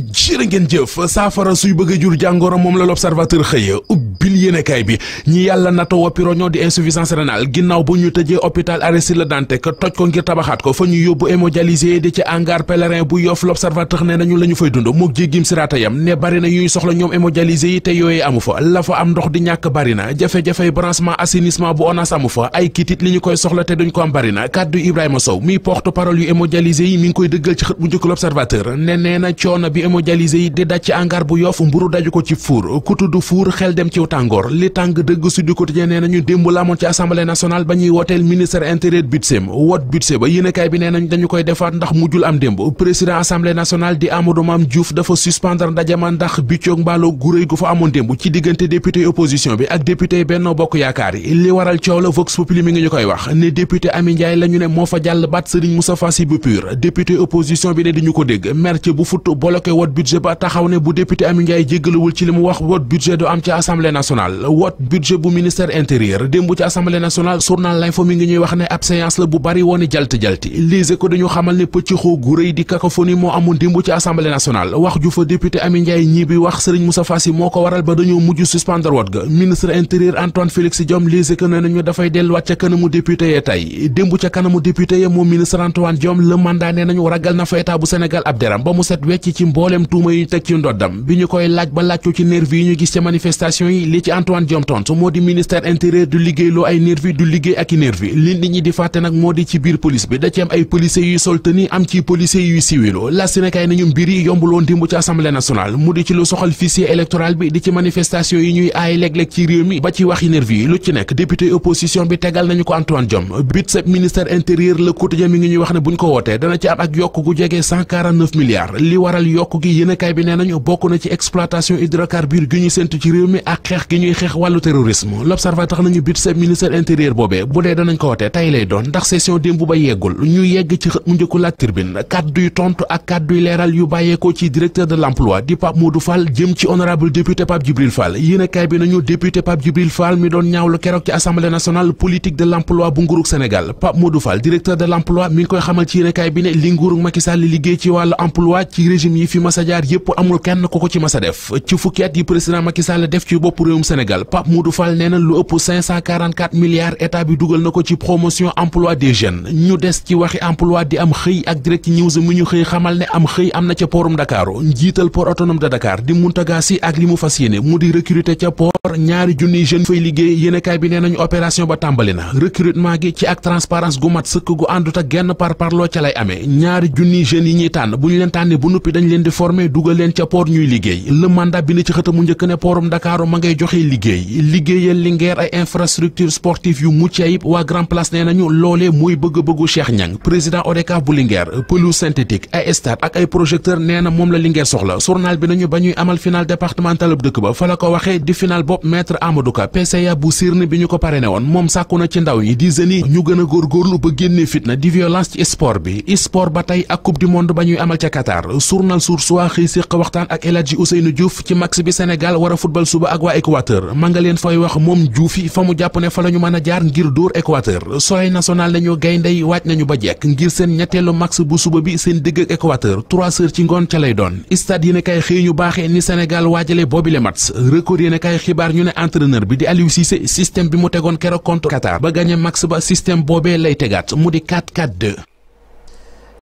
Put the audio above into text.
jërë ngeen jëf saafara suy bëgg a jur jàngoro moom la l'observateur xëya ubbil yéenekaay bi ñi yàlla nato wopiro ñoo di insuffisance rénale ginnaaw ba ñu tëjee hôpital Aristide Le Dantec toj ko ngir tabaxaat ko fa ñu yóbbu hémodialysé di ci hangar pèlerin bu Yoff l'observateur nee nañu la ñu fay dund mook jéggim siraata yam ne bari na yuy soxla ñoom hémodialysé yi te yooyee amu fa la am ndox di ñàkk bari jafe-jafey branchement assainissement bu ONAS hémodialysé yi di daj ci angar bu yoof mburu daju ko ci fuur ku tudd fuur xel dem ciw tàngoor li tàng dëgg Sud Quotidien nee nañu démb la amoon ci assemblée nationale ba ñuy wooteel ministre intérieur budseem woot budse ba yéenekaay bi nee nañ koy defaat ndax mujjul am démb président assemblée nationale di Amadou Mame Diouf dafa suspendre ndajama ndax biccoog mbaalo guréy gu fa amoon démb ci diggante député opposition bi ak député Benno Bokk Yaakaar yi li waral coow la Vox Populi mi koy wax ne député Ami Ndiaye la ñu wot budget ba taxaw ne bu député Amy Ndiaye ci li mu wax wot budget du am ci assemblée nationale wot budget bu ministère intérieur démb ci assemblée nationale journal ju fa député Amy Ndiaye bi wax Serigne Moustapha Sy moo ko waral ba dañoo mujj suspendre wot ga ministre intérieur Antoine Félix Diome Les Échos ne nañu dafay delluwaat ca kanamu député ya tey démb ca kanamu député ya moom ministre Antoine Diome le mandat ne nañu ragal na fa mbooleem tuuma yi ñu teg ci ndoddam bi ñu koy laaj ba laajtu ci nervi yi ñu gis ca manifestation yi li ci Antoine Diome tontu moo di ministère intérieur du liggéeyloo ay nervi du liggéey ak i yi yombuloon dimb ci assemblée nationale mu di nervi yi lu ci nekk député opposition bi tegal nañu ko Antoine Diome bit sa ministère intérieur le quotidien mi ngi ñuy wax ne buñ ko wootee dana ci am ak yokk gu jege 149 li waral yokk bokk gi yéenekaay bi nee nañu bokk na ci exploitation hydrocarbure gi ñu séntu ci réew mi ak xeex gi ñuy xeex wàllu terrorisme l'observateur tax nañu bit sa ministère intérieur boobee bu dee danañ ko wote tey lay doon ndax session démb ba yeggul ñu yegg ci xët mu njëkku laaj tribune kàdduy tontu ak kàdduy leeral yu bàyyeekoo ci directeur de l'emploi di Pape Modou jëm ci honorable député Pape Djibril Fall yéenekaay bi nañu député Pape Djibril Fall mi doon ñaawlu mas a jaar yëpp amul kenn ku ci mas a def ci fukki yi président Macky Sall def ci bopp réewum Sénégal Pape Modou Fall nee na lu ëpp 544 milliards bi dugal na ko ci promotion emploi des jeunes ñu des ci waxi emploi di am xëy ak direct news mu ñu xëy xamal ne am xëy am na ca porum Dakaaru njiital port autonome de Dakar di Mountaga ak li mu fas yéene mu di recruter ca port ñaari junniy jeunes fay liggéey yéenekaay bi nee nañu opération ba tàmbali di former dugal leen ca port ñuy liggéey le mandat bi na ci xëtamu njëkk ne portum Dakaaru ma ngay joxe liggéey liggéeyal Linguère ay infrastructure sportive yu mucc waa Grand Place nee nañu loolee mooy bëgg-bëggu Cheikh Niang président ODCAV bu Linguère pelouse synthétique ay stade ak ay projecteur nee na moom la Linguère soxla journal bi nañu ba ñuy amal final départemental dëkk ba fa la ko waxee di final bopp maître Amadou Ka bu Sirne bi ñu ko parrainé woon na ci ndaw yi di a góorgóorlu ba génnee fitna di violence ci sport bi sport ba tey ak coupe du source waa xëy séq waxtaan ak El Hadji Ousseynou Diouf ci match bi Sénégal war a suba ak waa Équateur ma nga leen fay wax moom Diouf fa mu jàpp ne fa la ñu mën a jaar ngir dóor Équateur soleil national nañu gayndey waaj nañu ba jekk ngir seen ñetteelu max bu suba bi seen digg ak Équateur trois ci ngoon ca lay doon stade yéen a kaay xëy ñu baaxee ni Sénégal waajale boobile match record yéen a kaay xibaar ñu ne entraîneur bi di Aliou Cissé bi mu tegoon keroog contre Qatar ba gagné ba système boobee lay tegaat mu di 4 4